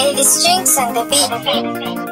Elvis Jinx and the Beat.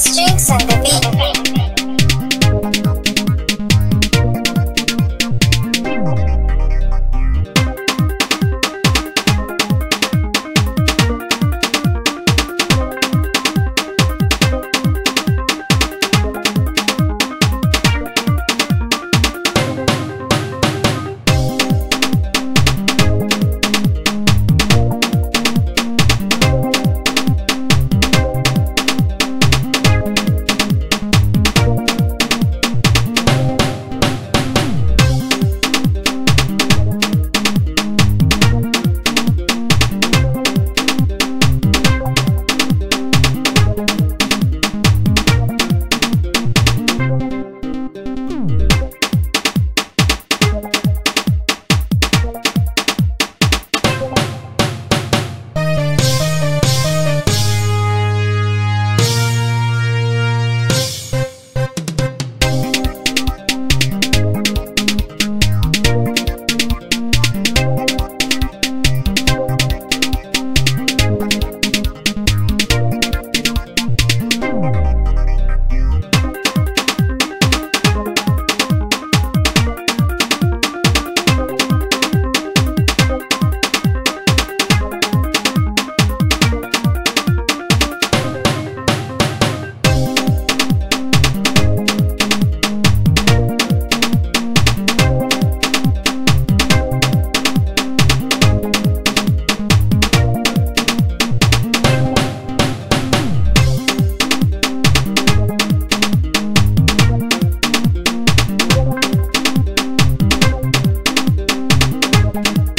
Strings on the beat. Thank